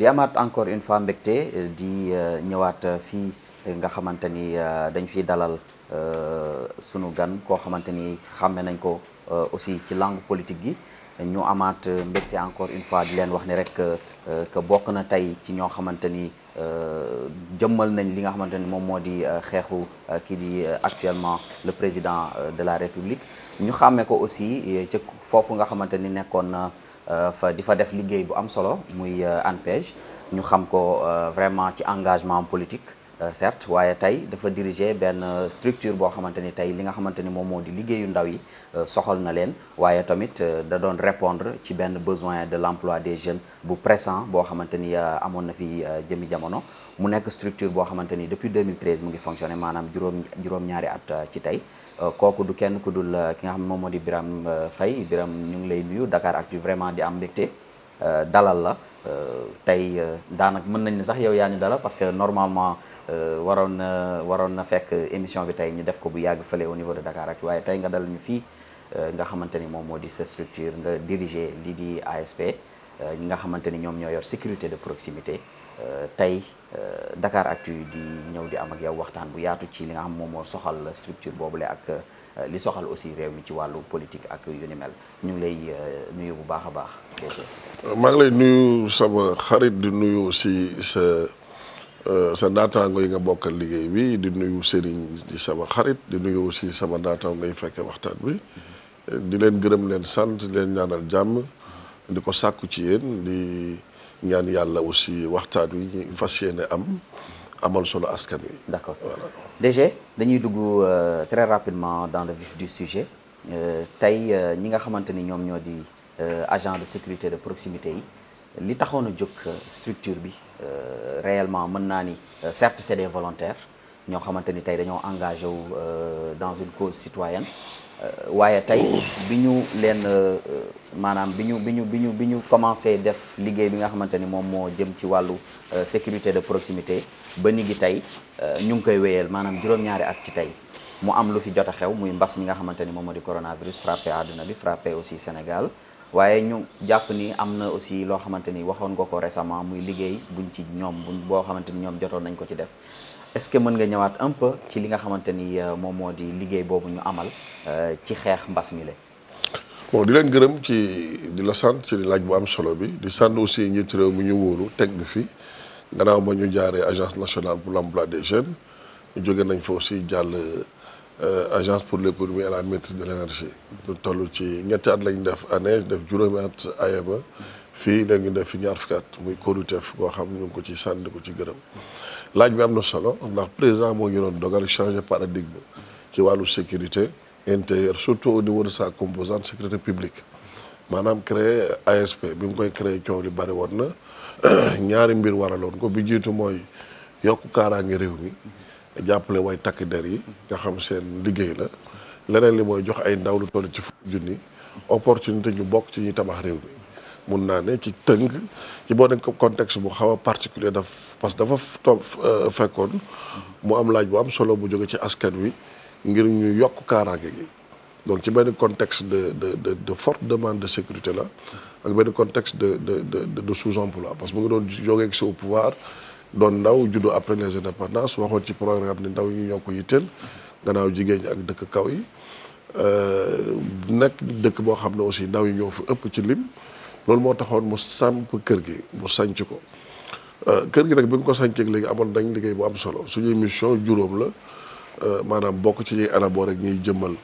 di amat encore une fois mbecté eh, di eh, ñëwaat eh, fi nga xamanteni dañ fi dalal suñu gan ko xamanteni xamé nañ ko aussi ci langue politique gi ñu amat mbecté encore une fois di leen wax ni rek ke bok na tay ci ño xamanteni jëmmal nañ li nga xamanteni mom modi xexu di di actuellement le président de la république ñu xamé ko aussi ci fofu nga xamanteni nekkon na Euh, fa fa def liguey bu am solo muy euh, ANPEJ ñu xam ko euh, vraiment ci engagement politique certes waaye tey dafa diriger ben structure bo xamanteni tay li nga xamanteni mom modi moo di ndaw yi soxal na len waye tamit da don répondre ci ben besoin de l'emploi des jeunes bu pressant bo xamanteni ni na fi jëmi jamono mu nekk structure bo xamanteni depuis 2013 mu ngi fonctionner manam juroom juroom ñaari at ci tay Euh, kooku du kenn ku dul euh, ki nga xam ne moom moo di biram euh, Faye Birame ñu ngi lay nuyu Dakaractu vraiment di am mbégte dalal la tey daanak mën nañ ne sax yow yaa ñu dalal parce que normalement waroon na waroon na fekk émission bi tey ñu def ko bu yàgg fële au niveau de Dakaractu waaye tey nga dal ñu fii nga xamante ni moom moo di sa structure nga diriger lii di ASP. Euh, ñi nga xamante ni ñoom ñoo yor sécurité de proximité euh, tey yi euh, di ñëw di am ak yow waxtaan bu yaatu ci li nga xam moom moo soxal structure boobule ak li soxal aussi reew bi ci wàllu politique ak yu ni mel ñu ngi lay nuyu bu baax a baax. maa ngi lay nuyu sama xarit di nuyu aussi sa sa naataango yi nga bokkal liggéey bi di nuyu Serigne di sama xarit di nuyu aussi sama naataango yi fekke waxtaan bi mm-hmm. di leen gërëm leen sant leen ñaanal jàmm. di ko sàkku ci yéen di ñaan yalla aussi waxtaan wi fassiyene am amal solo askan wi. d'accord voilà. DG dañuy dugg euh, très rapidement dans le vif du sujet euh, tay euh, ñi nga xamanteni ñom ñoo di agent de sécurité de proximité yi li taxoon juk structure bi réellement mën na ni certes c'est des volontaires ñoo xamanteni tay dañoo engagé euh, dans une cause citoyenne. Euh, waaye tey bi ñu leen euh, euh, maanaam bi ñu bi ñu bi ñu bi ñu commencé def liggéey bi nga xamante ni moom moo jëm ci wàllu sécurité de proximité ba ni gi tey ñu ngi koy wéyal maanaam juróom-ñaari ak ci tey mu am lu fi jot a xew muy mbas mi nga xamante ni moom moo di coronavirus frappé àdduna bi frappé aussi Sénégal waaye ñu jàpp ni am na aussi loo xamante ni waxoon nga ko récemment muy liggéey buñ ci ñoom buñ boo xamante ni ñoom jotoon nañ ko ci def est-ce que mën nga ñëwaat un peu ci li nga xamante ni euh, moom moo di liggéey boobu ñu amal euh, ci xeex mbas mi la. bon di leen gërëm ci di la sant ci laaj bu am solo bi di sant aussi njiitu réew mi ñu wóolu teg bi fi gannaaw ba ñu jaaree agence nationale pour l'emploi des jeunes ñu jóge nañ fa aussi jàll euh, agence pour l'économie et la maîtrise de l'énergie. lu tollu ci ñetti at lañ def année def juróomi at AEME. fii léegi def fi ñaar fukki at muy kóoluteef boo xam ne ñu ngi ko ci sànni ko ci gërëm laaj bi am na solo ndax président moo ñu doon dogal changer paradigme ci wàllu sécurité intérieure surtout au niveau de sa composante sécurité publique maanaam créé ASP bi mu koy créé coow li bari woon na ñaari mbir waraloon ko bi jiitu mooy yokku kaaraange réew mi jàppale way takk der yi nga xam seen liggéey la leneen li mooy jox ay ndaw lu toll ci fukki junni opportunité ñu bokk ci ñuy tabax réew mi. mun naa ne ci tëng ci boo nekk contexte bu xaw a particulier daf parce que dafa toog euh, fekkoon mu am laaj bu am solo bu jóge ci askan wi ngir ñu yokk kaaraange gi donc ci benn contexte de de de de forte demande de sécurité la ak benn contexte de de de de sous-emploi parce que mu ngi doon jógeeg si au pouvoir doon ndaw juddu après les indépendances waxoon ci programme ni ndaw ñu ñoo ko yitteel gannaaw jigéen ñi ak dëkk kaw yi euh, nekk dëkk boo xam ne aussi ndaw yi ñoo fi ëpp ci lim. loolu moo taxoon mu samp kër gi mu sanc ko euh, kër gi nag bi mu ko sancee léegi amoon dañ liggéey bu am solo suñuy mission juróom la euh, maanaam bokk ci ñuy élaborer ak ñuy jëmmal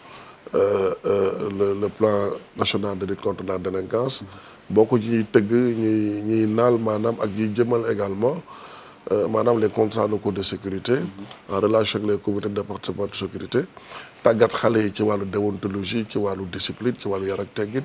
euh, le plan national de lutte contre la délinquance bokk ci ñuy tëgg ñuy ñuy naal maanaam ak ñuy jëmmal également maanaam les contrats locaux de sécurité mm-hmm. en relation avec les comités départementaux de sécurité tàggat xale yi ci wàllu déontologie ci wàllu discipline ci wàllu yar ak teggin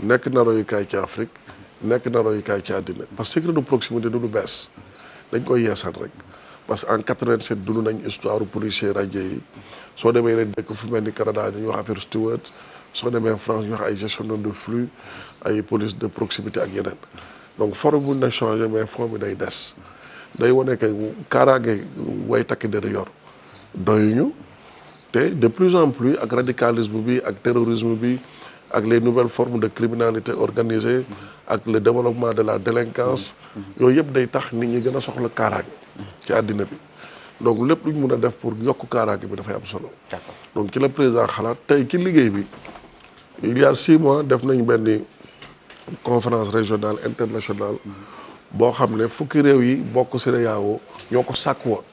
nekk na royukaay ci Afrique nekk na royukaay ci addina parce que secret de proximité du lu bees dañ koy yeesal rek parce que en 87 dund nañ histoire policier radié yi soo demee ren dëkk fu mel ni Canada dañuy wax affaire Stewart soo demee France ñu wax ay gestion de flux ay police de proximité ak yeneen donc forme bu ñu changé mais forme bi day des day wane que kaaraange way takk der yor doyuñu te de plus en plus ak radicalisme bi ak terrorisme bi. ak les nouvelles formes de criminalité organisée ak le développement de la délinquance yooyu yëpp day tax nit ñi gën a soxla kaaraange ci àddina bi donc lépp lu ñu mun a def pour yokk kaaraange bi dafay am solo donc ci la président xalaat tey ci liggéey bi il y a six mois def nañ benn conférence régionale internationale boo xam ne fukki réew yi bokk CEDEAO ñoo ko sàkk woon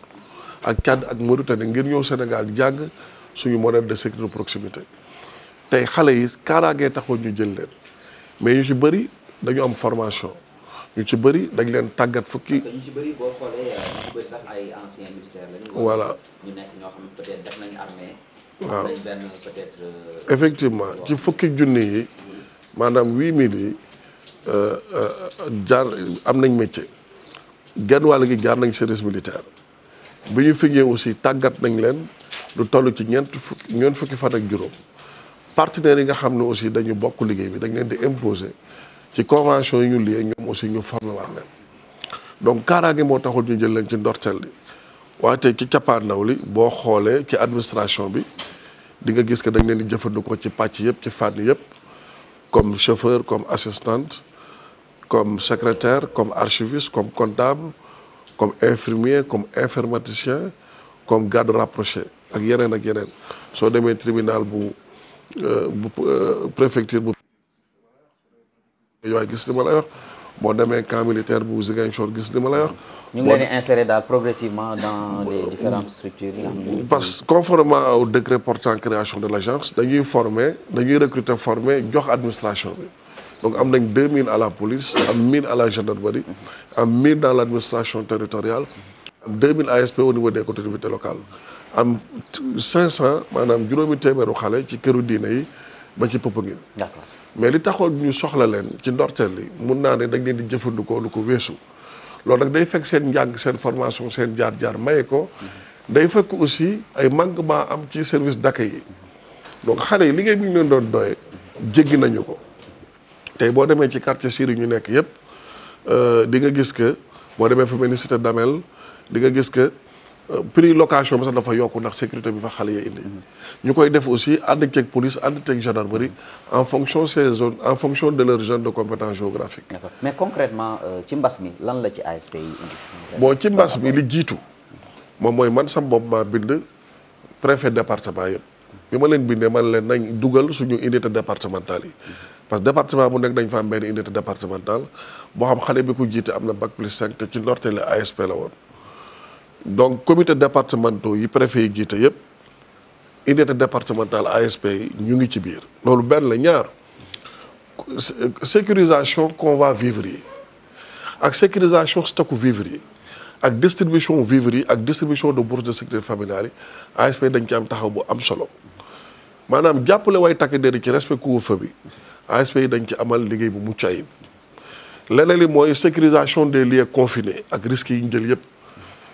ak Tchad ak Mauritanie ngir ñëw Sénégal jàgg suñu modèle de sécurité de proximité tey xale yi kaaraangee taxul ñu jël leen mais ñu ci bëri dañu am formation ñu ci bëri dañ leen tàggat fukki. parce que ci bëri boo xoolee euh, ñu bëri euh, effectivement ci fukki junni yi maanaam huit mille euh, jaar am nañ métier genn wàll gi jaar nañ service militaire bi ñu fi ñëwee aussi tàggat nañ leen lu toll ci ñeent fukki ñeent fukki fan ak juróom. partenaires nga xamné aussi dañu bi dañ leen di imposer ci convention aussi ñu donc taxul ci ci ci administration bi di nga gis que dañ leen di ci ci comme chauffeur comme assistante comme secrétaire comme archiviste comme comptable comme infirmier comme informaticien comme garde rapproché ak euh, préfecture. Vous avez un camp militaire, vous avez de short. Nous bon, les insérer progressivement dans les différentes structures. Parce conformément au décret portant création de l'agence, nous avons formé, nous recruté formé, nous administration. Donc, il y 2 2000 à la police, 1000 à la gendarmerie, 1000 dans l'administration territoriale, 2000 ASP au niveau des contributeurs locales. am 500 manam juróomi téeméeru xalé ci këru diiné yi ba ci Popenguine. d'accord mais li taxoon ñu soxla leen ci ndortel li mën na né dañ leen di jëfëndiko lu ko weesu lool nak day fekk seen jàng seen formation seen jaar-jaar mayé ko day fekk aussi ay manquement am ci service d'accueil yi donc xalé yi ngay bi ñu doon doy jéggi nañu ko tay bo démé ci quartier siri ñu nekk yépp euh di nga gis que bo démé fu mel damel di nga gis que pris location bi sax dafa yokk ndax sécurité bi fa xale ya indi ñu koy def aussi ànd ceeg police ànd ceeg gendarmerie en fonction ces zones en fonction de leur zone de compétence géographique mais concrètement euh, ci mbas mi lan la ci ASP bon ci mbas mi li jiitu moom mooy man sam bopp maa bind préfet département yëpp bi ma leen bindee man leen nañ dugal suñu unité départementale yi parce que département bu nekk dañ fa am benn unité départementale boo xam xale bi ko jiite am na bac plus cinq te ci ndorteel ASP la woon donc comité départementaux yi préfet yi jiite yëpp unité départementale ASP yi ñu ngi ci biir loolu benn la ñaar sécurisation convoi vivres yi ak sécurisation stocku vivres yi ak distribution vivres yi ak distribution de bourse de sécurité familiale yi ASP dañ ci am taxaw bu am solo maanaam jàppale way takk der ci respect couvre bi ASP yi dañ ci amal liggéey bu mucc ayib leneen li mooy sécurisation des lieux confinés ak risques yi ñu jël yëpp.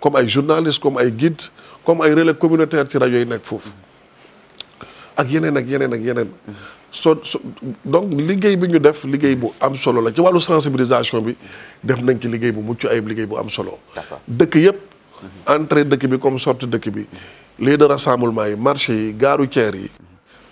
comme ay journaliste comme ay guide comme ay relais communautaire ci rajo yi nekk foofu ak yeneen ak yeneen ak yeneen so donc liggéey bi ñu def liggéey bu am solo la ci wàllu sensibilisation bi def nañ ci liggéey bu mucc ayib liggéey bu am solo dëkk yëpp entrée dëkk bi comme sortie dëkk bi lieu de rassemblement yi marché yi gaaru ceer yi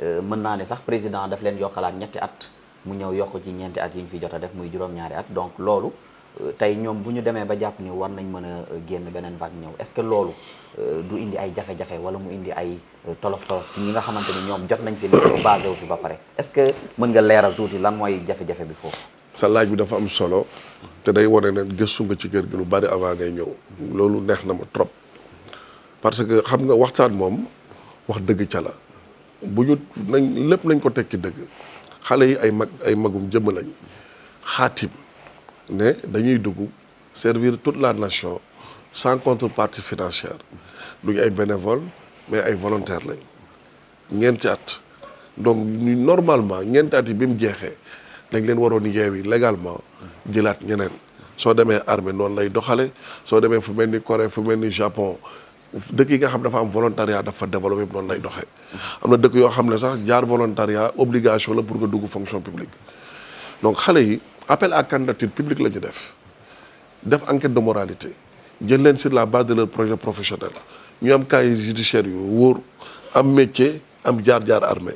Euh, mën naa ne sax président daf leen yokkalaat ñetti at mu ñëw yokk ci ñeenti at yi ñu fi jot a def muy juróom-ñaari at donc loolu euh, tey ñoom bu ñu demee ba jàpp ni war nañ mën a euh, génn beneen vague ñëw est-ce que loolu du indi ay jafe-jafe wala mu indi ay tolof tolof ci ñi nga xamante ni ñoom jot nañ fi lu basé wu fi ba pare est-ce que mën nga leeral tuuti lan mooy jafe-jafe bi foofu. sa laaj bi dafa am solo te day wane ne gëstu nga ci kër gi lu bari avant ngay ñëw loolu neex na ma trop parce que xam nga waxtaan moom wax dëgg ca la. bu ñu nañ lépp nañ ko tekki dëgg xale yi ay mag ay magum jëmm lañ xaatim ne dañuy dugg servir toute la nation sans contrepartie financière duñu ay bénévole mais ay volontaire lañ ñeenti at donc normalement ñeenti at yi bi mu jeexee dañ leen waroon yeewi légalement jëlaat ñeneen soo demee armée noonu lay doxale soo demee fu mel ni Corée fu mel ni Japon dëkk yi nga xam dafa am volontariat dafa développé noonu lay doxe am na dëkk yoo xam ne sax jaar volontariat obligation la pour nga dugg fonction publique donc xale yi appel à candidature publique la ñu def def enquête de moralité jël leen si la base de leur projet professionnel ñu am casier judiciaire yu wóor am métier am jaar-jaar arme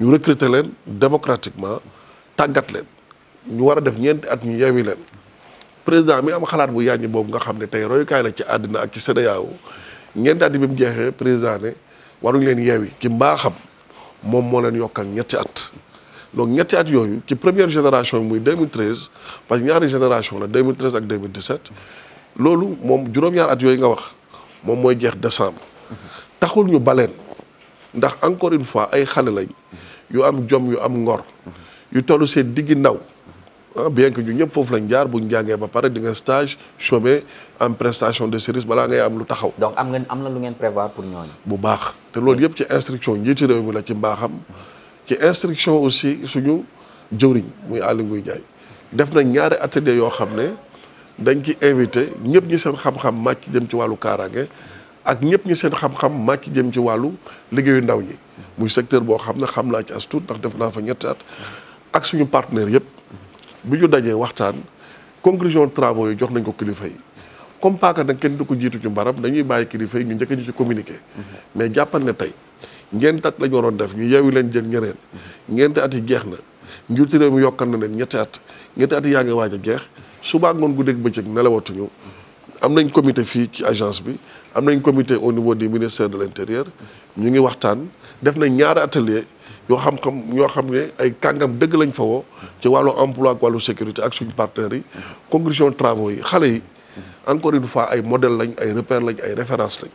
ñu recruter leen démocratiquement tàggat leen ñu war a def ñeenti at ñu yewi leen président mi am xalaat bu yàññi boobu nga xam ne tey royukaay la ci àddina ak ci CEDEAO ñeenti at yi bi mu jeexee président ne waruñ leen yeewi ci mbaaxam moom moo leen yokkal ñetti at donc ñetti at yooyu ci première génération muy 2013 parce que ñaari génération la 2013 ak 2017 loolu moom juróom-ñaar at yooyu nga wax moom mooy jeex décembre taxul ñu baleen ndax encore une fois ay xale lañ yu am jom yu am ngor yu tollu seet diggi ndaw Ah, bien que ñu ñëpp foofu lañ jaar buñ jàngee ba pare di stage chômé en prestation de service balaa ngay am lu taxaw. donc am ngeen am na lu ngeen prévoir pour ñooñu. bu baax te loolu yëpp ci instruction njiitu réew mi la ci mbaaxam ci instruction aussi suñu jëwriñ muy Aly Ngouille Ndiaye def nañ ñaari atelier yoo xam ne dañ ci invité ñëpp ñu seen xam-xam màcc jëm ci wàllu kaaraange ak ñëpp ñu seen xam-xam màcc jëm ci wàllu liggéeyu ndaw ñi muy secteur boo xam ne xam naa ci as tuut ndax def naa fa ñetti at ak suñu partenaire yëpp. bu ñu dajee waxtaan conclusion travaux yi jox nañ ko kilifa yi comme paaka nag kenn du ko jiitu ñu mbaram dañuy bàyyi kilifa yi ñu njëkk ñu ci communiqué. Mhm. mais jàppal na tey ngent at la waroon def ñu yeewu leen jël ñeneen. Mhm. ngent at yi geex na njiitu réew mi yokkal na leen ñetti at ñetti yi yaa ngi waaj a jeex subaa ngoon guddeeg bëccëg nelawatuñu am nañ comité fii ci agence bi am nañ comité au niveau du ministère de l' intérieur ñu ngi waxtaan def nañ ñaari atelier yoo xam comme yoo xam ne ay kàngam dëgg lañ fa woo ci wàllu emploi ak wàllu sécurité ak suñu partenaires yi conclusion travaux yi xale yi encore une fois ay modèle lañ ay repère lañ ay référence lañ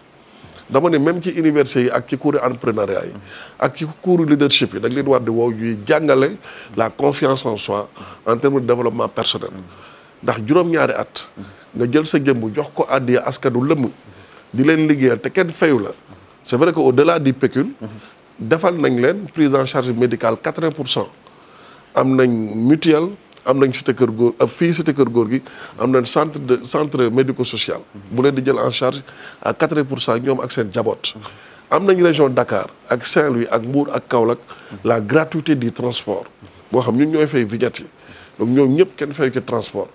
dama ne même ci université yi ak ci en entrepreneuriat yi ak ci cours leadership yi dañ leen war di woow ñuy jàngale la confiance en soi en termes de développement personnel ndax juróom-ñaari at nga jël sa jëmm jox ko àddiya askanu lëmb di leen liggéeyal te kenn fayu la c'est vrai que au delà defal nañ leen prise en charge médicale quatre pour cent am nañ mutuelle am nañ cité kër góor euh, fii cité kër góor gi am nañ centre de centre médico-social. bu leen di jël en charge à 80 vingt pour cent ñoom ak seen jaboot. am nañ région Dakar ak Saint-Louis ak Mbour ak Kaolack la gratuité du transport boo xam ñun ñooy fay vignette yi donc ñoom ñëpp kenn fay ko transport.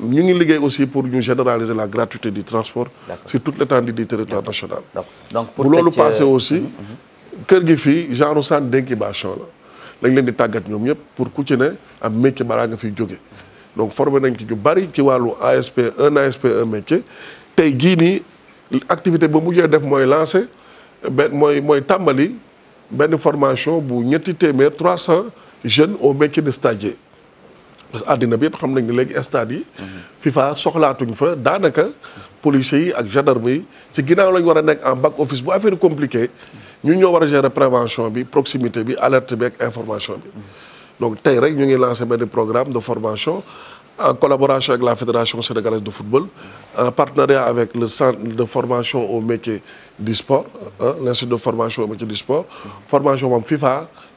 ñu ngi liggéey aussi pour ñu généraliser la gratuité du transport. sur toute l'étendue du territoire national. donc pour bu loolu euh, aussi. Mhm, mhm kër gi fi genre centre d'incubation la dañ leen di tagat ñom ñep pour ku ci ne am métier balaa nga fiy jóge donc formé nañ ci ju bari ci walu ASP un ASP un métier tay gi ni activité ba mujjee def moy lancer ben moy moy tambali ben formation bu ñetti téeméer 300 jeunes au métier de stagiaire parce adina bi xam nañ ni légui stade yi. Mhm. FIFA soxlaatuñ fa danaka policiers yi ak gendarme yi ci ginaaw lañ wara nek en back office bu affaire compliqué nous avons gérer la prévention bi proximité bi alerte bi donc nous nous lancé des programmes de formation en collaboration avec la Fédération sénégalaise de football, en partenariat avec le centre de formation au métier du sport, hein, l'institut de formation au métier du sport, formation en FIFA,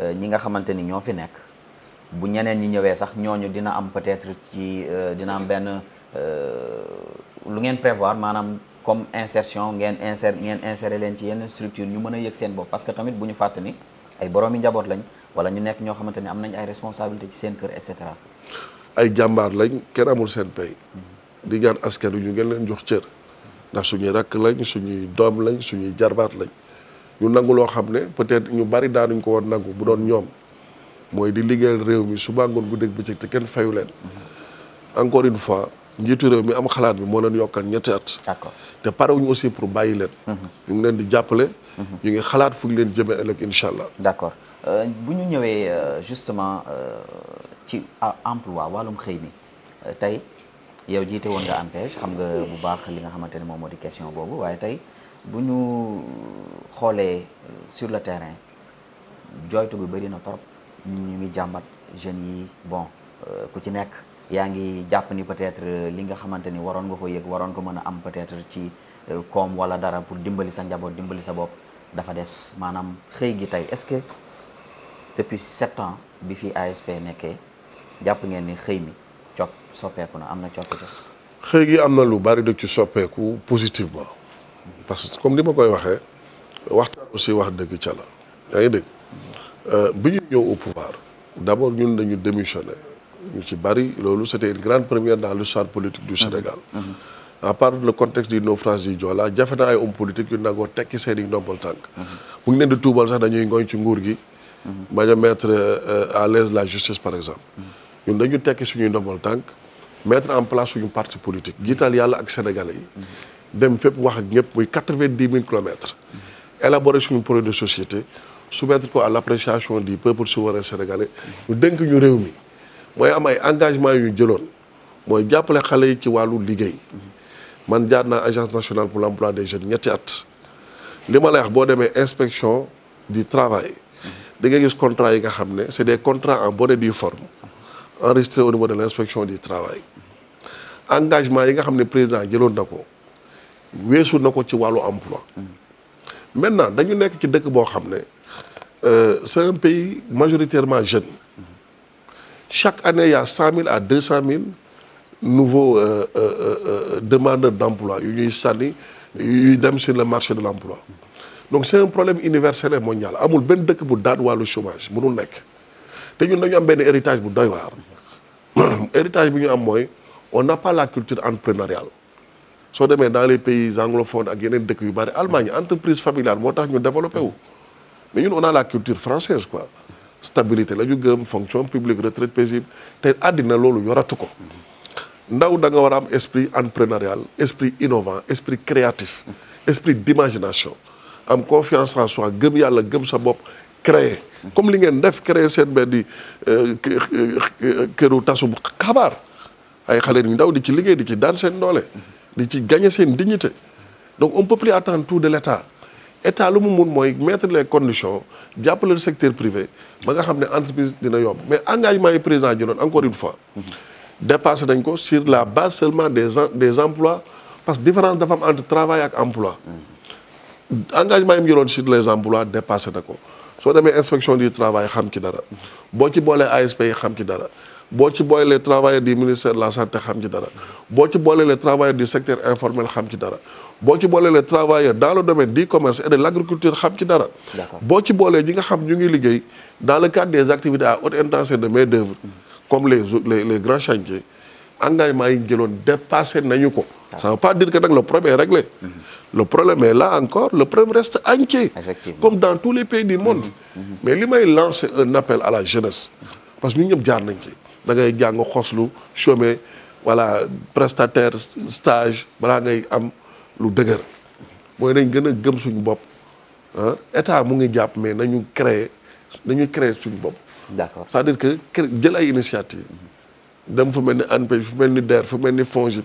ñi nga xamanteni ni ñoo fi nek bu ñeneen ñi ñëwé sax ñoñu dina am peut-être ci euh, dina am ben euh lu ngeen prévoir manam comme insertion ngeen insér ngeen insérer leen ci yenn structure ñu mëna a seen bopp parce que tamit buñu ñu fàtt ni ay boroomi njaboot lañ wala ñu nek ñoo xamanteni ni am nañ ay responsabilité ci seen kër et cetera. ay jambar lañ kenn amul seen pay di ñaan askan ñu ngeen leen jox cër ndax suñu rak lañ suñu doom lañ suñu jarbaat lañ ñu nangu loo xam ne peut-être ñu bari daanuñ ko woon nangu bu doon ñoom mooy di liggéeyal réew mi su suba ngoon guddeeg bëccëg te kenn fayu leen encore une fois njiitu réew mi am xalaat bi moo leen yokkal ñetti at. d'accord te parewuñu aussi pour bàyyi leen. Mhm. ñu ngi leen di jàppale. Mhm. ñu ngi xalaat fu ñu leen jëmee ëllëg incha allah. d'accord euh, bu ñu ñëwee euh, justement euh, ci emploi wàllum xëy mi tey yow jiite woon nga ANPEJ xam nga bu baax li nga xamante ne moom moo di question boobu waaye tey. bu ñu xoolee euh, sur le terrain jooytu bi bëri na trop ñu ngi jeunes yi bon euh, ku ci nekk yaa ngi jàpp ni peut-être euh, li nga xamanteni ni nga ko yegg waron ko mën am peut-être ci koom walla dara pour dimbali sa njaboot dimbali sa bop dafa dess manam xey gi tay est-ce que depuis sept ans bi fi ASP nekké japp ngeen ni xey mi ciop soppeku na amna ciop coppite. xey gi amna lu bari da ci soppeeku positivement. parce que comme li ma koy waxee waxtaan aussi wax dëgg ca la yaa ngi dégg euh, bi ñu ñëw au pouvoir d' abord ñun dañu démissionné ñu ci bari loolu c' était une grande première dans l'histoire politique du mhm. Sénégal mhm. à part le contexte du naufrage du Joola jafe na ay hommes politiques yu nangoo tekki seen i ndombal tànk mhm. mu ngi leen di tuubal sax dañuy ngooñ ci nguur gi bañ a mettre euh, à l'aise la justice par exemple ñun dañu tekki suñuy ndombal tànk mettre en place suñu parti politique jiital yàlla ak sénégalais dem fépp wax ak ñëpp muy km. élaborer projet de société soumettre à l'appréciation du peuple souverain sénégalais ñu sommes ñu réew mi am ay engagement yu ñu jëloon mooy jàppale un yi ci walu liggéey man jaar agence nationale pour l'emploi des jeunes ñetti at li lay wax bo démé inspection du travail da nga gis contrat yi nga c'est des contrats en bonne et due forme enregistrés au niveau de l'inspection du travail engagement yi nga xamné président nous avons eu l'emploi. Maintenant, nous euh, avons C'est un pays majoritairement jeune. Chaque année, il y a 100 000 à 200 000 nouveaux demandeurs d'emploi. Euh, euh, euh, demandeurs d'emploi. Ils sont sur le marché de l'emploi. Donc, c'est un problème universel et mondial. Il y a un l'emploi chômage. Il y a un Nous avons l'héritage héritage, on n'a pas la culture entrepreneuriale so demee dans les pays anglophones ak yeneen dëkk yu bari Allemagne entreprise familiale motax ñu développé wu mais ñun on a la culture française quoi stabilité la ñu gëm fonction publique retraite paisible te àddina loolu yoratu ko ndaw da nga wara am esprit entrepreneurial esprit innovant esprit créatif esprit d'imagination am confiance en soi gëm yalla gëm sa bop créer comme li ngeen def créer cette benn di euh, këru tasum xabaar ay xalé ñu ndaw di ci liggéey di ci daan sen doole ils gagner sa dignité donc on peut plus attendre tout de l'État L'État lu mu mun mettre les conditions appeler le secteur privé ba nga mais l'engagement est président encore une fois dépasser sur la base seulement des des emplois parce que la différence entre travail et emploi l'engagement sur les emplois dépasse. Si on a une inspection du travail xam ci dara boo ci ASP boo ci boole les travailleurs du ministère de la santé xam ci dara boo ci boolee les travailleurs du secteur informel xam ci dara boo ci boolee les travailleurs dans le domaine du commerce et de l' xam ci dara boo ci boolee ñi nga xam ñu ngi liggéey dans le cadre des activités à haute de main d'oeuvre comme les les les grands chantiers engagement yi ñu jëloon dépassé ko ça veut que nag le problème est réglé mm-hmm. le problème est là encore le problème reste entier comme dans tous les pays du monde mm-hmm. Mm-hmm. mais li may lancer un à la jeunesse parce que ñu ñëpp jaar nañ ci da ngay jàng lu chômer voilà prestataire stage balaa ngay am lu dëgër mooy nañ gën a gëm suñu bopp état mu ngi jàpp mais nañu créer nañu créer suñu bopp. d'accord c'est-à-dire que jël ay initiative dem fu mel ni ANPEJ fu mel ni DER fu mel ni FONGIP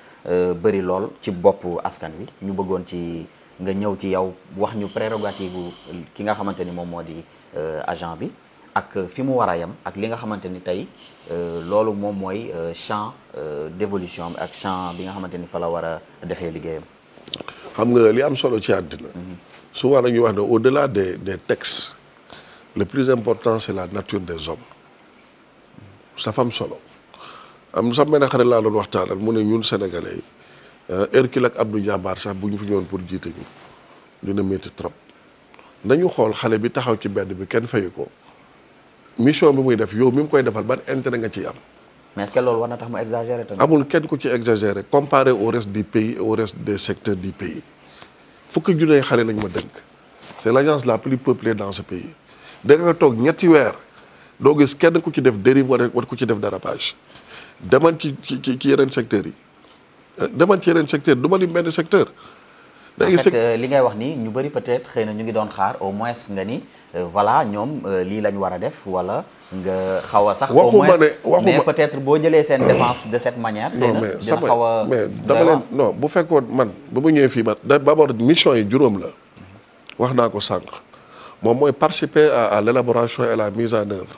Euh, bari lol ci bop askan wi ñu bëggoon ci nga ñëw ci yow wax ñu prérogative ki nga xamanteni ni modi euh, agent bi ak euh, fi mu wara yam ak li nga xamanteni ni lolou mom moy champ d'évolution ak champ bi nga xamanteni ni fa la wara défé ligéyam xam nga li am solo ci àddina. Mhm. souvent dañuy wax au-delà des des textes le plus important c'est la nature des hommes. sa am solo. am sax benn xarit laa doon waxtaanal mu ne ñun sénégalais yi eh, Hercule ak Abdou Diabar sax bu ñu fi ñëwoon pour jiite ñu dina métti trop nañu xool xale bi taxaw ci bedd bi kenn fayu ko mission bi muy def yow mi mu koy defal ban intérêt nga ciy am. mais est war na tax mu exagéré tamit. amul kenn ku ci exagéré comparé au reste du pays au reste des secteur du pays fukki junne xale lañ ma dënk c'est l'agence la plus peuplée dans ce pays da nga toog ñetti weer doo gis kenn ku ci def dérive wala ku ci def dérapage. demal ci ci ci yeneen secteurs yi euh, demal ci yeneen secteur du ma lim benn secteur. da ngay euh, li ngay wax ni ñu bëri peut-être xëy na ñu ngi doon xaar au moins nga ni euh, voilà ñoom lii lañ war a def wala nga xaw a sax. au moins mais peut-être boo jëlee seen défense de cette manière. xëy na dina xaw a mais dama leen non bu fekkoon man bu mu ñëwee fii ba d'abord mission yi juróom la wax naa ko sànq moom mooy participer à à l'élaboration et la mise en œuvre.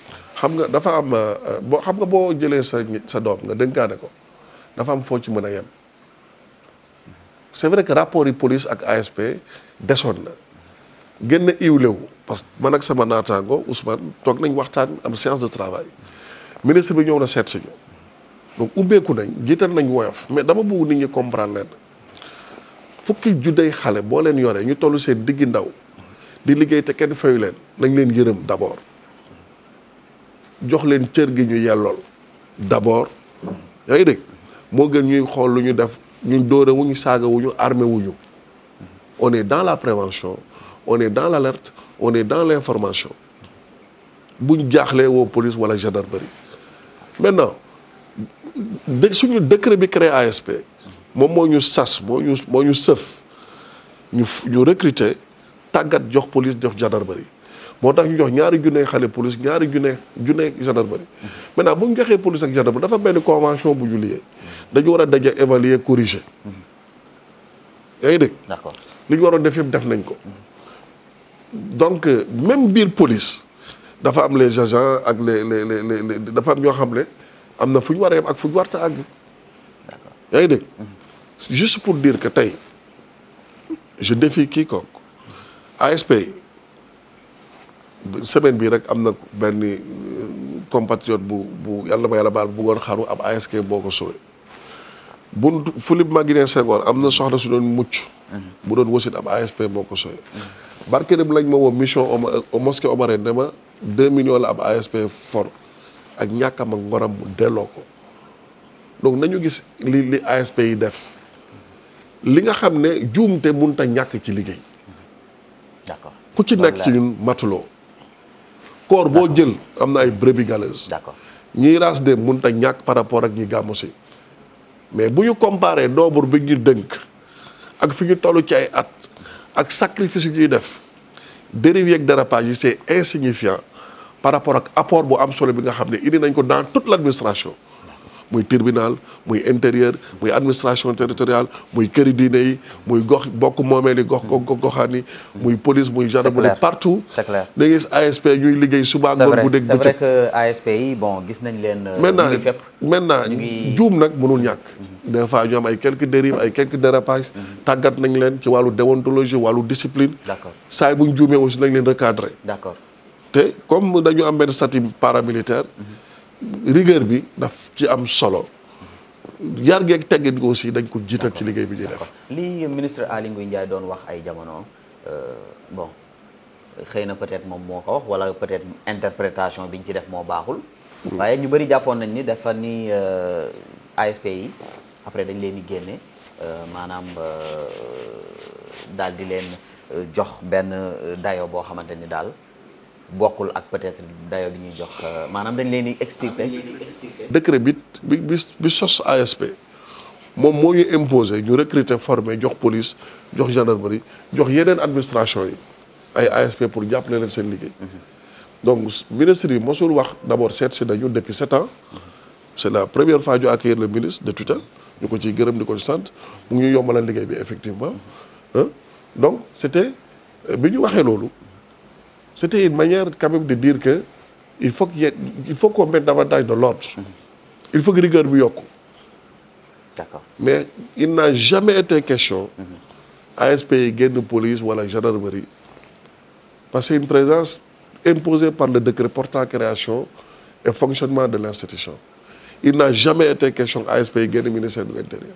xam nga dafa am euh, boo xam nga boo jëlee sa sa doom nga dénkaane ko dafa am foo ci mën a yem c'est vrai que rapport yi police ak ASP desoon na génn iwlewu parce que man ak sama naataango Ousmane toog nañ waxtaan am séance de travail ministre bi ñëw na seet suñu donc ubbeeku nañ jiital nañ woyof mais dama bëgg nit ñi comprendre leen fukki judday xale boo leen yoree ñu toll seen diggi ndaw di liggéey te kenn fayu leen nañ leen yërëm d'abord jox leen cër gi ñu yellol d'abord yaa ngi mo gën ñuy xol lu ñu def ñun dóore wuñu saaga wuñu armé wuñu on est dans la prévention on est dans l'alerte on est dans l'information buñ jaxlé wo police wala gendarmerie maintenant dëgg suñu décret bi créé ASP mom mo ñu sas moo ñu moo ñu seuf ñu ñu recruter tagat jox police jox gendarmerie moo ñu jox ñaari junne xalé police ñaari junne junne gendarmerie maintenant bu ñu joxee police ak gendarmerie dafa benn convention bu ñu dañu wara a daje évaluer corriger yéy ngi d'accord li ñu def yëpp def nañ ko donc même biir police dafa am les agents ak les les les les dafa am ñoo xamlé amna am wara fu ak fu warta ag d'accord yéy ngi juste pour dire que tay je défie quiconque ASP semaine bii rek am na benn euh, compatriote bu bu yàlla ma yàlla ba bu bëggoon xaru ab ASK boo ko sauvé bu Philippe Maguilène Senghor am na soxla su doon mucc. Mm-hmm. bu doon wasit ab ASP boo ko sauvé. Mm-hmm. barke dem lañ ma woo mission au euh, mosquée omarienne ne ma deux millions la ab ASP for ak ñàkkam ak ngoram mu delloo ko donc nañu gis li li ASP yi def li nga xam ne juumte mënut a ñàkk ci liggéey. ku ci nekk ci ñun matuloo. koor boo jël am na ay brebis galeuses. d'accord ñiy raas dem mun a ñàkk par rapport ak ñi gàmmu si mais bu ñu comparé doobur bi ñu dënk ak fi ñu toll ci ay at ak sacrifice yu ñuy def dérive yeeg dérapage yi c'est insignifiant par rapport ak apport bu am solo bi nga xam ne indi nañ ko dans toute l'administration. muy tribunal muy intérieur muy administration territoriale muy këri diine yi muy gox bokk moomeel yi gox gox goxaan yi muy police muy gendarmerie partout c'est clair da ngay gis ASP ñuy liggéey suba ngoon bu dégg bëccëg c'est vrai bon gis nañ leen euh, maintenant maintenant juum nag mënul ñàkk mhm. des fois ñu am ay quelques dérives ay quelques dérapages mhm. tàggat nañ leen ci wàllu déontologie wàllu discipline d'accord saa yi bu ñu juumee aussi nañ leen recadrer d'accord te comme dañu am benn statut paramilitaire mhm. rigueur bi daf ci am solo yar geeg teggin ko aussi dañ ko jiital ci liggéey bi ñuy def. li ministre Aly Ngouille Ndiaye doon wax ay jamono euh, bon xëy na peut-être moom moo ko wax walla peut-être interprétation bi ñu ci def moo baaxul. Mm. waaye ñu bëri jàppoon nañ ni dafa ni euh, ASP yi après dañ leen di génne euh, maanaam daal di leen jox benn dayo boo xamante ni daal. bokkul ak peut-être dayo bi ñuy jox euh, maanaam dañ leen di extirper. décret bi bi bi sos ASP moom moo ñu imposé ñu recruter former jox police jox gendarmerie jox yeneen administration yi ay ASP pour jàpp jàppale leen seen liggéey. Mm-hmm. donc ministre yi mosul wax d'abord seet si nañu depuis sept ans. Mm-hmm. c'est la première fois ñu accueillir le ministre de tutelle ñu ko ciy gërëm di ko ci sant mu ngi ñu yombalal liggéey bi effectivement mm-hmm. donc c'était bi ñu waxee loolu. C'était une manière quand même de dire que faut qu'il faut qu'on mette davantage de l'ordre. Mhm. Il faut que rigueur D'accord. Mais il n'a jamais été question mhm. ASP de police ou à la gendarmerie. Parce que une présence imposée par le décret portant création et fonctionnement de l'institution. Il n'a jamais été question ASP du ministère de l'Intérieur.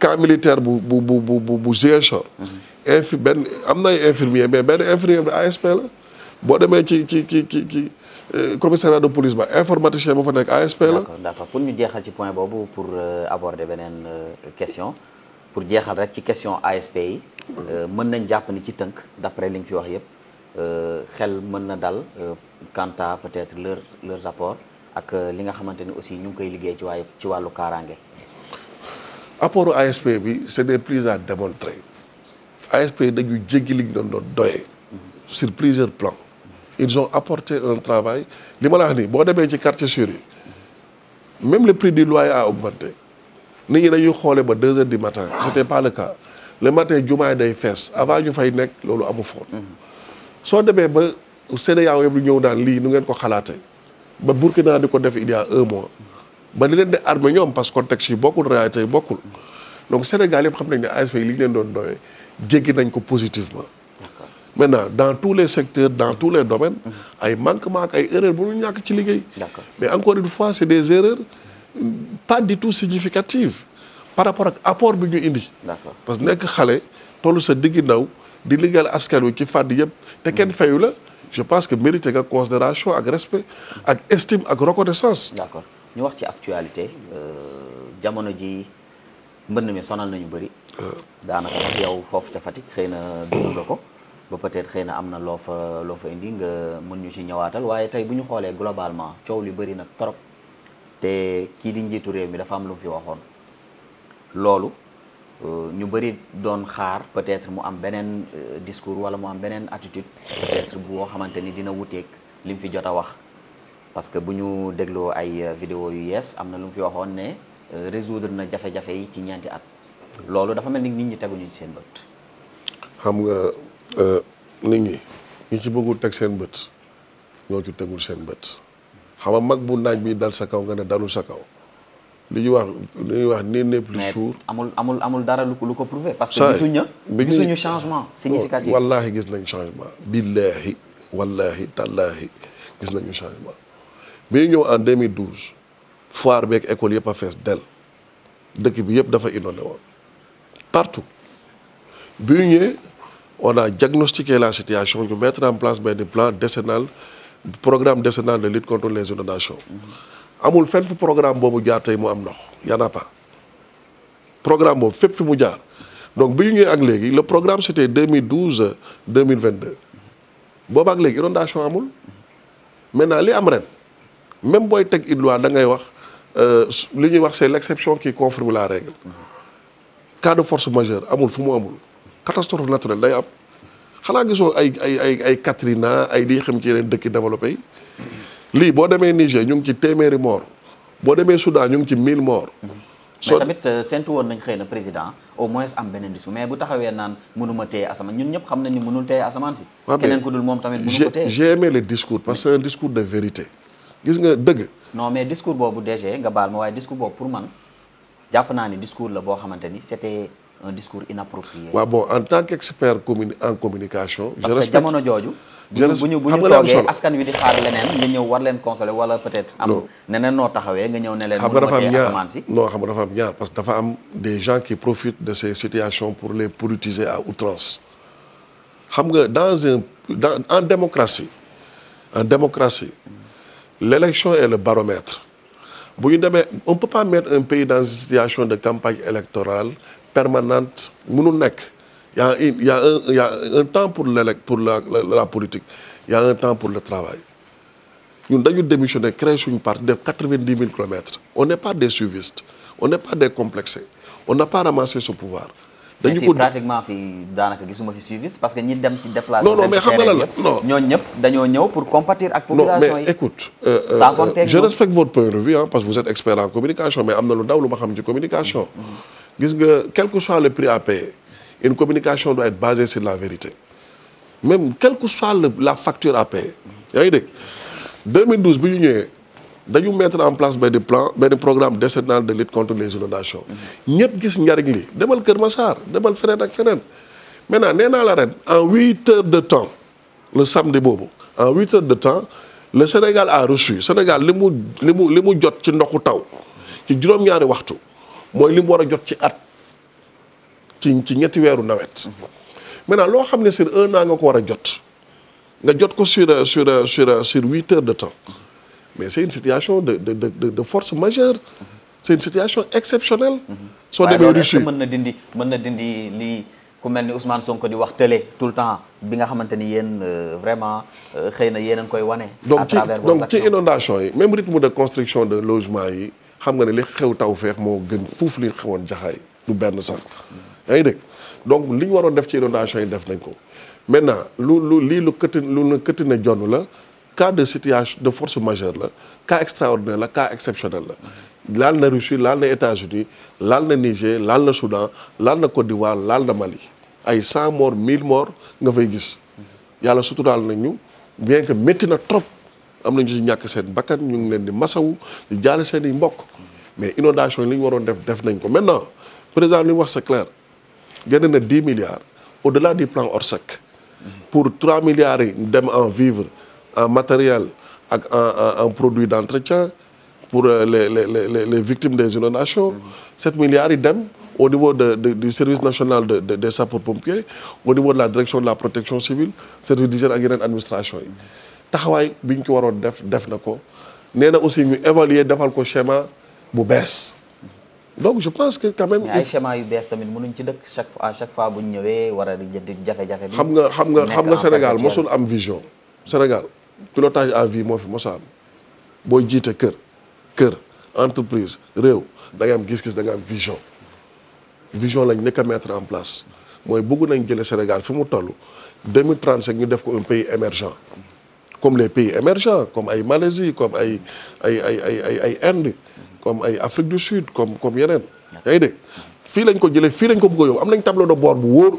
cas militaire bu bu bu bu bu bu Ziguinchor. benn am na ay infirmier mais benn infirmier bi ASP la boo demee ci ci ci ci ci euh, commissariat de police ba informaticien ba fa nekk ASP la. d'accord ñu jeexal ci point boobu pour euh, aborder beneen euh, question pour jeexal rek ci question ASP yi. mën nañ jàpp ni ci tënk d'après li nga fi wax yépp xel mën na dal quant à peut-être leur leurs apports ak li nga xamante ni aussi ñu ngi koy liggéey ci waaye ci wàllu kaaraange. propos ASP l'ASP, c'est des prises à démontrer L'ASP a fait travail sur plusieurs plans ils ont apporté un travail quartier sur même le prix du loyer a augmenté Nous avons deux heures du matin n'était pas le cas le matin a des fesses. avant ñu eu des fesses, amu foon eu des ba eu a un mois ba y a armé parce que contexte beaucoup de réalité beaucoup donc Sénégal Sénégalais, xam nañ des ASP yi positivement maintenant dans tous les secteurs dans tous les domaines mhm. ay manquement a des erreurs bu ñu ñàkk ci mais encore une fois c'est des erreurs pas du tout significatives par rapport ak apport bi ñu indi parce que les nous tollu sa diggi ndaw di liggéeyal askan wi ci fànn yëpp te kenn mhm. fayu la je pense que mérité une considération ak respect ak estime ak reconnaissance d'accord ñu wax ci actualité euh, jamono ji mbënn mi sonal nañu bëri euh. daanaka sax yow fofu ta fatik xeyna duñu gako ba peut-être xeyna amna lo fa lo fa indi nga mën ñu ci ñëwaatal waye tay buñu xolé globalement ciow li bari na torop te ki di njiitu réew mi dafa am lu fi waxon lolu euh, ñu bari doon xaar peut-être mu am benen discours wala mu am benen attitude peut-être bu xamante ni dina wutek lim fi wax parce que buñu déglo ay euh, vidéo yu yes amna lu fi waxone né euh, résoudre na jafé jafé yi ci ñanti at lolu dafa melni nit ñi téguñu ci seen bëtt xam nga euh, nit ñi ñu ci bëggul teg seen bëtt ñoo ci téggul seen bëtt xam nga mag bu naaj bi dal sa kaw nga né dalu sa kaw li ñu wax li ñu wax né né plus sûr amul amul amul dara lu lu ko prouver parce que gisuñu gisuñu changement oh, significatif wallahi gis nañ changement billahi wallahi tallahi gis nañu changement Mais en 2012 foire n'y école pas a d'elle, del dëkk bi yëpp dafa partout bi on a diagnostiqué la situation a mettre en place des plans décennales. décennal programme décennal de lutte contre les inondations amul pas de programme qui jaar tey Il n'y en a pas Le programme est fait Le mu donc bi on le programme c'était 2012 2022 boobu ak a inondation amul maintenant li am ren. même booy teg une loi da ngay wax euh, li ñuy wax c'est l'exception qui confirme la règle cas de force majeure amul fu mu amul catastrophe naturelle day am xanaa gisoo ay ay ay ay Katrina ay di xam ci yeneen dëkki développé yi lii boo demee Niger ñu ngi ci téeméeri moor boo demee Soudan ñu ngi ci mille moor soo mais tamit euh, séntu woon nañ xëy na président au moins am beneen disu mais bu taxawee naan mënuma téye asamaan ñun ñëpp xam nañ ni mënul téye asamaan si. keneen ku dul moom tamit mënu ko téye j'ai aimé le que c'est un discours gis nga non mais discours discours pour man c'était un discours inapproprié. en tant qu'expert en communication. je parce que peut-être. xam parce que des gens qui profitent de ces situations pour les politiser à outrance xam dans un en démocratie en démocratie l'élection est le baromètre. On ne peut pas mettre un pays dans une situation de campagne électorale permanente. Il y a, il y a, un, temps pour, la, politique, il y a un temps pour le travail. Nous avons démissionné, créé sur une partie de 90 000 km. On n'est pas des suivistes, on n'est pas des complexés, on n'a pas ramassé ce pouvoir dañu ko pratiquement fi danaka gisuma fi suivi parce que ñi dem ci déplacement. non non mais xam nga lan la non ñooñu dañoo pour compatir ak. population non mais écoute. Euh, euh, je respecte votre point de vue hein, parce que vous êtes expert en communication mais amna lu daw lu ma xam ci communication. Mm-hmm. gis nga quel que soit le prix à payer une communication doit être basée sur la vérité même quel que soit la facture à payer vous ngi en 2012 bu ñu nous mettre en place des plans, des programmes décennal de lutte contre les inondations. Nous avons vu ce qu'il y a. Demain, le Kermassar, demain, le Ferret et le Ferret. Maintenant, nous avons en 8 heures de temps, le samedi, Bobo, en 8 heures de temps, le Sénégal a reçu. Le Sénégal, ce qu'il a fait dans le Ndokoutaou, dans le Ndokoutaou, c'est ce qu'il a fait dans le Ndokoutaou. Qui n'est pas un navet. Maintenant, ce que c'est un an que tu dois faire, tu dois faire sur 8 heures de temps. Mais c'est une situation de, force majeure. C'est une situation exceptionnelle. Soit ici. Ousmane Sonko tout le temps bi nga euh, vraiment euh, donc inondation même rythme de construction de logement yi xam nga li xew du donc def ci inondation maintenant lu lu li lu lu cas de situation de force majeure, cas extraordinaire, cas exceptionnel. Là. Là, la Russie, là, les États-Unis, là, le Niger, là, le Soudan, là, le Côte d'Ivoire, là, le Mali. Il y 100 morts, 1000 morts, nous Il y a le soutien de nous, bien que maintenant, trop, nous avons vu que nous avons dit que nous avons vu que nous avons vu que nous avons vu que nous avons vu Maintenant, le président nous c'est clair. Il y a 10 milliards au-delà du plan ORSEC. Pour 3 milliards, nous avons en vivre en matériel et un produit d'entretien pour euh, les les les les victimes des inondations. 7 milliards idem au niveau de du service national de de des sapeurs-pompiers au niveau de la direction de la protection civile service d'hygiène ak yeneen administration yi. taxawaay bi def def ko aussi ñu évaluer defal ko schéma bu donc je pense que quand même. ay schéma yu bees tamit mënuñ ci dëkk chaque à chaque fois bu ñëwé wara jafé jafé bi xam nga xam nga xam nga Sénégal am vision Sénégal pilotage à vie moi fi ça a am dit que kër entreprise réew da nga am que c'est da nga am vision vision lañ nekk mettre en place moi beaucoup nañ jëlee Sénégal fi mu toll 2035 ñu def un pays émergent comme les pays émergents comme ay Malaisie comme ay ay ay ay ay Inde comme ay Afrique du Sud comme comme yémen yaa ngi dégg fii lañ ko jëlee fii lañ ko tableau de bord bu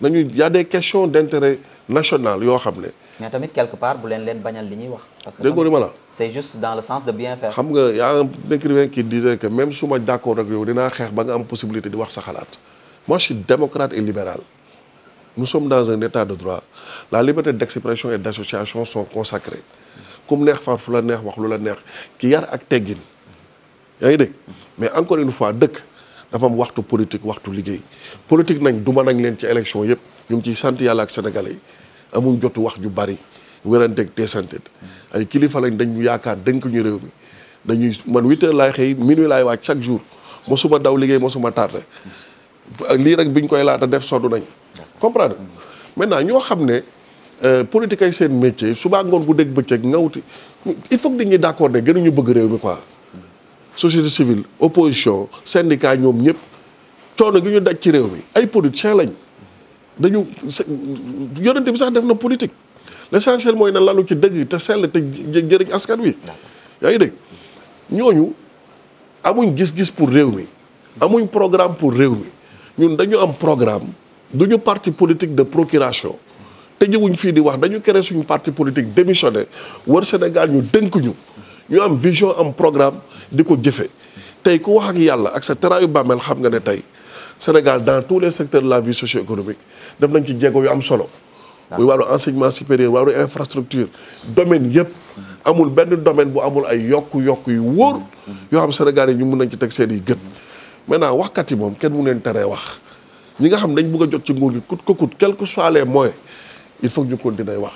Il y a des questions d'intérêt national yoo mais tamit quelque part vous li ñuy wax. parce que juste dans le sens de bien faire. xam nga y a un écrivain qui disait que même si je suis d'accord avec vous, il xex ba nga am possibilité de wax sa xalat. moi je suis démocrate et libéral nous sommes dans un état de droit la liberté d'expression et d'association sont consacrées kum neex fa fu la neex wax lu la neex ki yar ak mais encore une fois dafa am waxtu politique waxtu liggéey politique nañ duma nañ leen ci élection yëpp ñu ngi ciy sant yàlla ak sénégalais yi amuñ jotu wax ju bari wéranteeg teesanteeg ay kilifa lañ dañ ñu yaakaar dénk ñu réew mi dañuy man huit heures laay xëy minuit laay wàcc chaque jour mosuma daw liggéey mosuma tardé lii rek biñ koy laata def soddu nañ comprendre maintenant ñoo xam ne euh, politique ay seen métier subaa ngoon bu dégg bëccëg nga wuti il faut que ñu ñi d'accord ne bëgg réew mi quoi société civile opposition syndicat ñoom ñëpp coono gi ñu daj ci réew mi ay politiciens lañ dañu yonente bi sax def na politique l'essentiel mooy na lalu ci dëgg te sell te jëriñ askan wi yaa ngi dégg ñooñu amuñ gis-gis pour réew mi amuñ programme pour réew mi ñun dañu am programme duñu parti politique de procuration te jëwuñ fii di wax dañu créé suñu parti politique démissionné war Sénégal ñu dënk ñu ñu am vision am programme di ko jëfe tey ku wax ak yàlla ak sa teraayu bàmmeel xam nga ne tey Sénégal dans tous les secteurs de la vie socio-économique def nañ ci jéego yu am solo. muy wàllu enseignement supérieur wàllu infrastructure domaine yëpp. amul benn domaine bu amul ay yokku-yokku yu wóor. yoo xam Sénégal yi ñu mun nañ ci teg seen i gët. maintenant waxkat yi moom kenn mu leen teree wax ñi nga xam dañ bëgg a jot ci nguur gi kut ko kut quel que soit les moyens il faut que ñu continuer wax.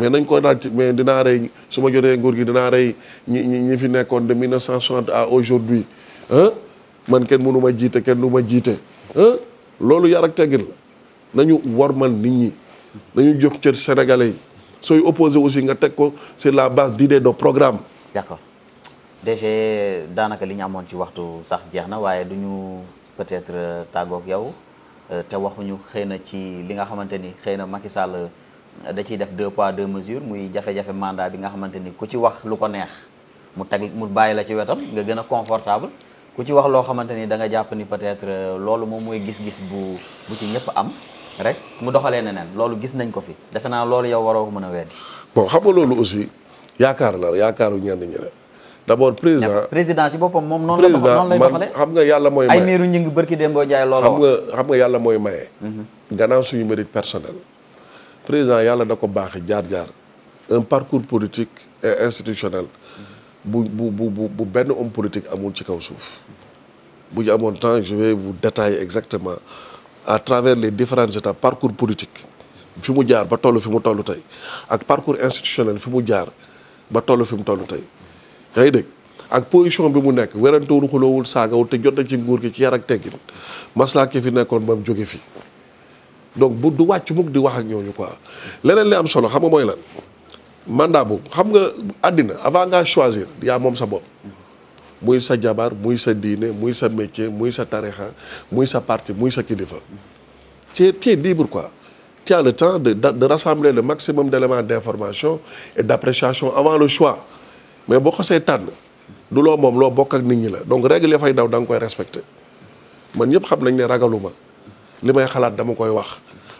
mais nañ ko laaj mais dinaa rey su ma jotee nguur gi dinaa rey ñi ñi fi nekkoon de 1960 à aujourd'hui ah man kenn mënu ma jiite kenn du ma jiite ah loolu yar ak teggin la nañu warmal nit ñi nañu jox cër sénégalais yi sooy opposé aussi nga teg ko sur la base d'idée de programme. d'accord DG daanaka li ñu amoon ci waxtu sax jeex na waaye du ñu peut-être euh, tàggoog yow euh, te waxuñu xëy na ci li nga xamante ni xëy na Macky Sall da ci def deux poids deux mesures muy jafé jafé mandat bi nga xamanteni ku ci wax lu ko neex mu teg mu baye la ci wétam nga gëna confortable ku ci wax lo xamanteni da nga japp ni peut-être euh, lolu mom moy gis-gis bu bu ci ñëpp am rek mu doxale nenen lolu gis nañ ko fi defe na lolu yow waro ko mën a bon xam nga lolu aussi yaakar la yaakaru ñen ñi la d'abord président président ci bopam mom non la wax non lay doxale xam nga yalla moy may ay miiru ñing ngi bërki démboo jaay lolu xam nga xam nga yàlla mooy maye. Mhm. ganaw suñu mérite personnel. président yalla da un parcours politique et institutionnel bu bu homme politique amul ci kaw temps je vais vous détailler exactement à travers les différentes étapes parcours politique fi mu ba fi mu parcours institutionnel fi mu jaar ba tollu fi mu ak position bi mu te ci nguur gi ci yar ak fi fi donc bu du wàcc mukk di wax ak ñëw ñu quoi leneen li am solo xam nga mooy lan mandat bu xam nga àddina avant ngaa choisir yaa moom sa bopp muy sa jabar muy sa diine muy sa métier muy sa tarixa muy sa parti muy sa kilifa tu es tu es quoi tu as le temps de de rassembler le maximum d'éléments d'information et d'appréciation avant le choix mais boo xasee tànn du loo moom loo bokk ak nit ñi la donc règle ya fay daw da nga koy respecter man ñëpp xam nañ ne ragaluma li may xalaat dama koy wax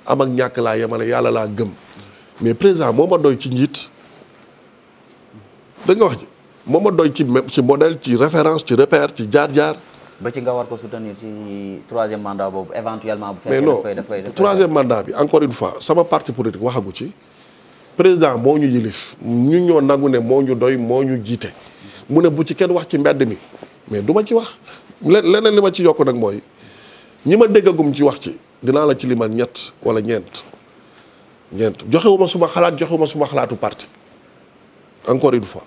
am ak ñàkk laa yemale yàlla laa gëm mais président moo ma doy ci njiit da nga wax ji moo ma doy ci ci modèle ci référence ci repère ci jaar-jaar. ba ci nga war ko soutenir ci troisième boobu éventuellement. bu fekkee mais non troisième mandat bi encore une fois sama parti politique waxagu ci président moo ñu yilif ñu ñoo nangu ne moo ñu doy moo ñu jiite mu ne bu ci kenn wax ci mbedd mi mais du ma ci wax leneen li ma ci yokk nag mooy. ñi ma déggagum ci wax ci dinaa la ci limal ñett wala ñeent ñeent joxewuma suma xalaat joxewuma suma xalaatu parti encore une fois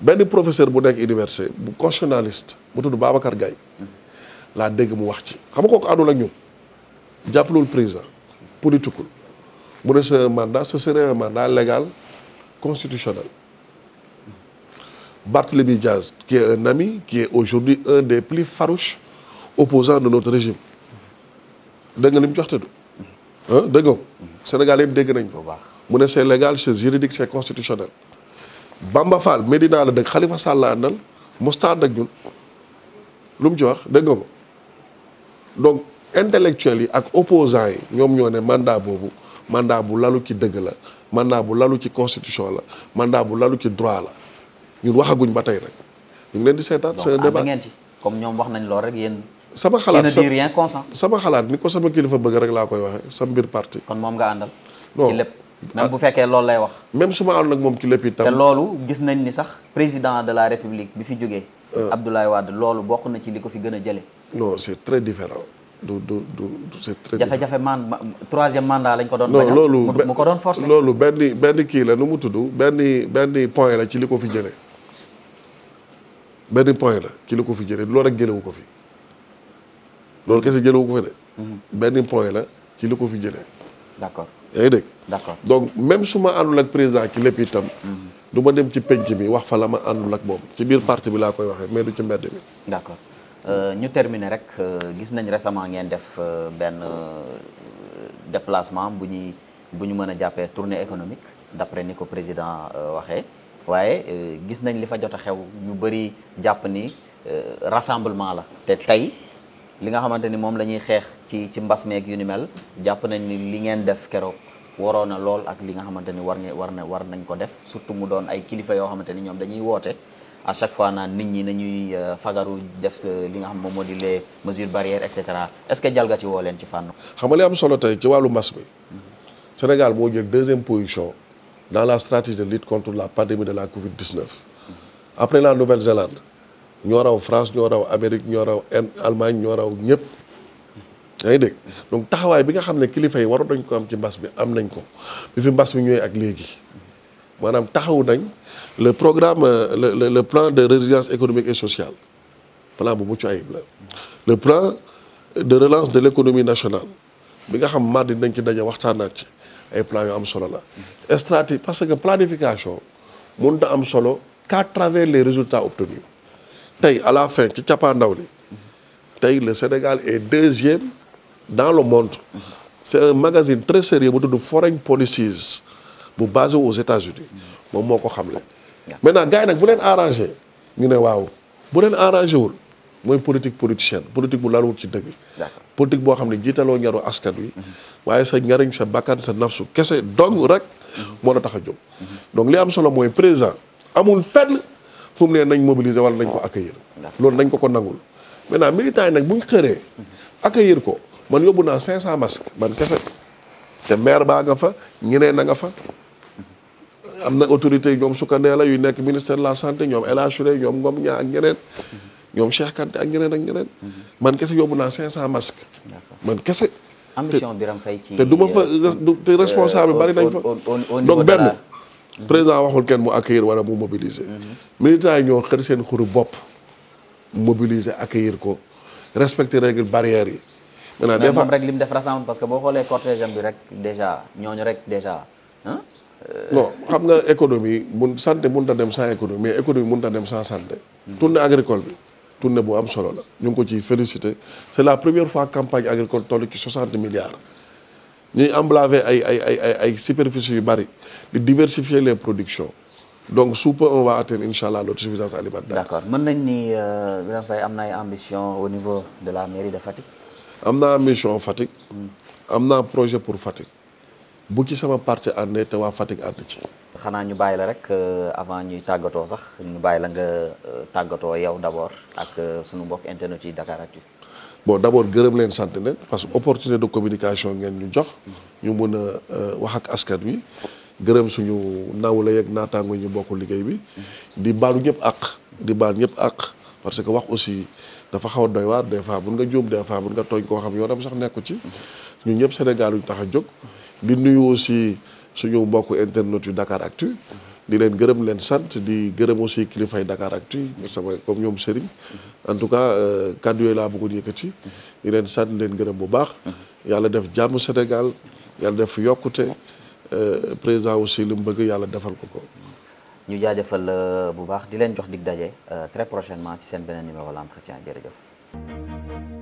benn professeur bu nekk université bu constitutionnaliste bu tudd Babacar Gaye laa dégg mu wax ci xam nga kooku àndul ñun jàppalul président politikul mu ne c'est un mandat ce serait un mandat légal constitutionnel Barthélémy Diaz qui est un ami qui est aujourd'hui un des plus farouches opposant de notre régime dégg nga li jox te hein? Sénégal c'est légal c'est juridique c'est constitutionnel Bamba Fall Medina le de Khalifa Salan, la àndal donc intellectuels opposants mandat un mandat lalu la mandat lalu constitution la mandat lalu droit la ñun waxaguñ ba c'est un débat sama xalaat sa rien consent sama xalaat ni ko sama kilifa bëgg rek laa koy waxee sa mbir parti kon moom nga àndal non ci lépp même bu fekkee loolu lay wax même su ma àndoon ak moom ci lépp itam te loolu gis nañ ni sax président de la république bi fi jógee euh. Abdoulaye Wade loolu bokk na ci li ko fi gën a jële non c'est très différent du du du c'est très jafe man troisième lañ ko doon non loolu mu ko doon force loolu benn benn kii la nu mu tudd benn benn point la ci li ko fi jële benn point la ci li ko fi jële loolu rek jëlewu ko fi Lol kese jëlewu ko fi de. Mhm. point la ci li ko fi d'accord yaa ngi d'accord donc même su ma àndul ak président qui lépp itam. Mhm. du ma dem ci penc mi wax fa ma ak moom ci parti bi la koy waxee mais du ci mbedd mi. d'accord euh, ñu terminer rek euh, gis nañ récemment ngeen def Ben déplacement bu ñuy bu ñu tournée économique d'après ni président waxee waaye gis nañ li fa jot xew ñu bari jàpp ni rassemblement la te li nga xamante ni moom la xeex ci ci mbas meeg yu ni mel jàpp nañ ni li ngeen def keroog waroon na lool ak li nga xamante ni war war na war nañ ko def surtout mu doon ay kilifa yoo xamante ni ñoom dañuy woote à chaque fois naan nit ñi nañuy euh, fagaru def euh, li nga xam moom moo di les mesures barrières et cetera est-ce que jalgati woo leen ci fànn. xam nga li am solo tey ci wàllu mbas bi mm-hmm. Sénégal moo jël deuxième position dans la stratégie de lutte contre la pandémie de la Covid 19. Mm-hmm. après la nouvelle ñoo raw France ñoo raw Amérique ñoo raw Allemagne ñoo raw ñëpp yaa ngi dégg donc taxawaay bi nga xam ne kilifa yi waru dañ ko am ci mbas bi am nañ ko bi fi mbas mi ñooy ak léegi maanaam taxawu nañ le programme le le plan de résilience économique et sociale plan bu mucc ayib la le plan de relance de l'économie nationale bi nga xam mardi nañ ci daje waxtaanaat ci ay plan yu am solo la stratégie parce que planification mun na am solo quatre travers les résultats obtenus Tay, à la fin le Sénégal est deuxième dans le monde c'est un magazine très sérieux de Foreign Policies basé aux États-Unis moom moo ko maintenant gars yi un bu arranger. ne politique, politique politicienne politique bu la ci politique bo xamné askan wi waye sa sa bakkan sa nafsu kessé dong rek mm-hmm. mo la donc li am solo moy président amul fenn su mu nañ mobiliser wala nañ ko accueillir loolu nañ ko ko nangul maintenant militants yi nag bu ñu xëree accueillir ko man yóbbu naa 500 masques man kese te maire baa nga fa ñeneen na nga fa am na autorité yi ñoom la yu nekk ministère de la santé ñoom El Hadj Touré ñoom Ngom ñaa ak ñeneen mhm. ñoom Cheikh Kanté ak ñeneen ak mhm. man kese yóbbu naa 500 masques man kese ambition Birame Faye ci te du ma fa euh, te responsable euh, bari nañ fa donc benn président waxul kenn mu accueillir wala mu mobiliser. militants yi ñoo xër seen xuru bopp mobiliser accueillir ko respecter règles barrières yi. maintenant des fois li mu def rassemble parce que boo xoolee cortège am bi rek déjà ñooñu rek déjà. Euh, non xam nga économie mun santé mun ta dem sans économie mais économie mun ta dem sans santé. tournée agricole bi tournée bu am solo la ñu ngi ko ciy félicité c'est la première fois campagne agricole toll ci 60 milliards. ñuy emblaver ay ay ay ay superficie yu bari diversifier les productions donc sous on va atteindre inshallah, notre l'autosuffisance alimentaire. d'accord mën nañ ni Birame euh, Faye am ambition au niveau de la mairie de Fatigue. am ambition Fatigue. Hmm. am un projet pour Fatik. bu ci sama parti àndee te waa Fatick ànd ci. xanaa ñu bàyyi rek euh, avant ñuy tàggatoo sax ñu bàyyi la nga euh, tàggatoo yow d'abord ak sunu mbokk internet yi Dakaractu bon d' abord gërëm leen sant leen parce que opportunité de communication ngeen ñu jox ñu mën a euh, wax ak askan wi gërëm suñu nawle yeeg naataango ñu bokk liggéey bi di baalu ñëpp àq di baal ñëpp àq parce que wax aussi dafa xaw a doy waar des fois mun nga juum des fois mun nga tooñ koo xam yoonam sax nekku ci ñun ñëpp Sénégal ñu tax a jóg di nuyu aussi suñu mbokk internet yu Dakar Actu di leen gërëm leen sant di gërëm aussi kilifay Dakaractu sama comme ñoom Serigne en tout cas euh, kàddu yooyu laa bëggoon yëkkati di leen sant di leen gërëm bu baax yàlla def jàmm Sénégal yàlla def yokkute euh, président aussi lu mu bëgg yàlla defal ko ko. ñu jaajëfal euh, bu baax di leen jox dig daje très prochainement ci seen beneen numéro l'entretien jërëjëf.